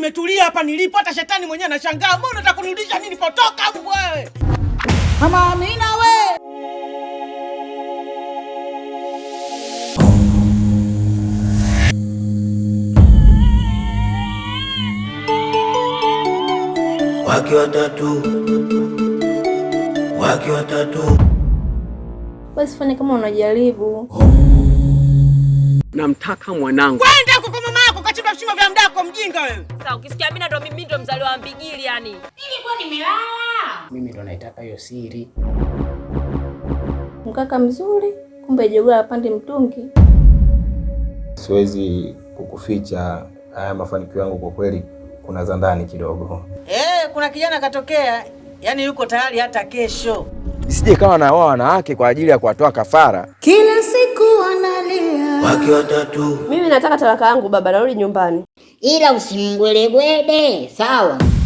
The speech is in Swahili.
nimetulia hapa nilipo, hata shetani mwenyewe anashangaa, mbona unataka kunirudisha nini Potoka hapo wewe? Mama Amina we. Wake watatu. Wake watatu. Basi fanya kama unajaribu. Namtaka mwanangu. Kwenda Unakupa vishimo vya mdako mjinga wewe. Sasa ukisikia mimi ndo mimi ndo mzaliwa wa Mbigili yani. kwa nimelala. Mimi ndo naitaka hiyo siri. Mkaka mzuri, kumbe jogoo apande mtungi. Siwezi kukuficha haya mafanikio yangu kwa kweli kuna za ndani kidogo. Eh, kuna kijana katokea, yani yuko tayari hata kesho. Isije kama na wao wanawake kwa ajili ya kuwatoa kafara. Kila siku wake watatu. Mimi nataka talaka yangu baba, narudi nyumbani, ila usimgwelegwede sawa?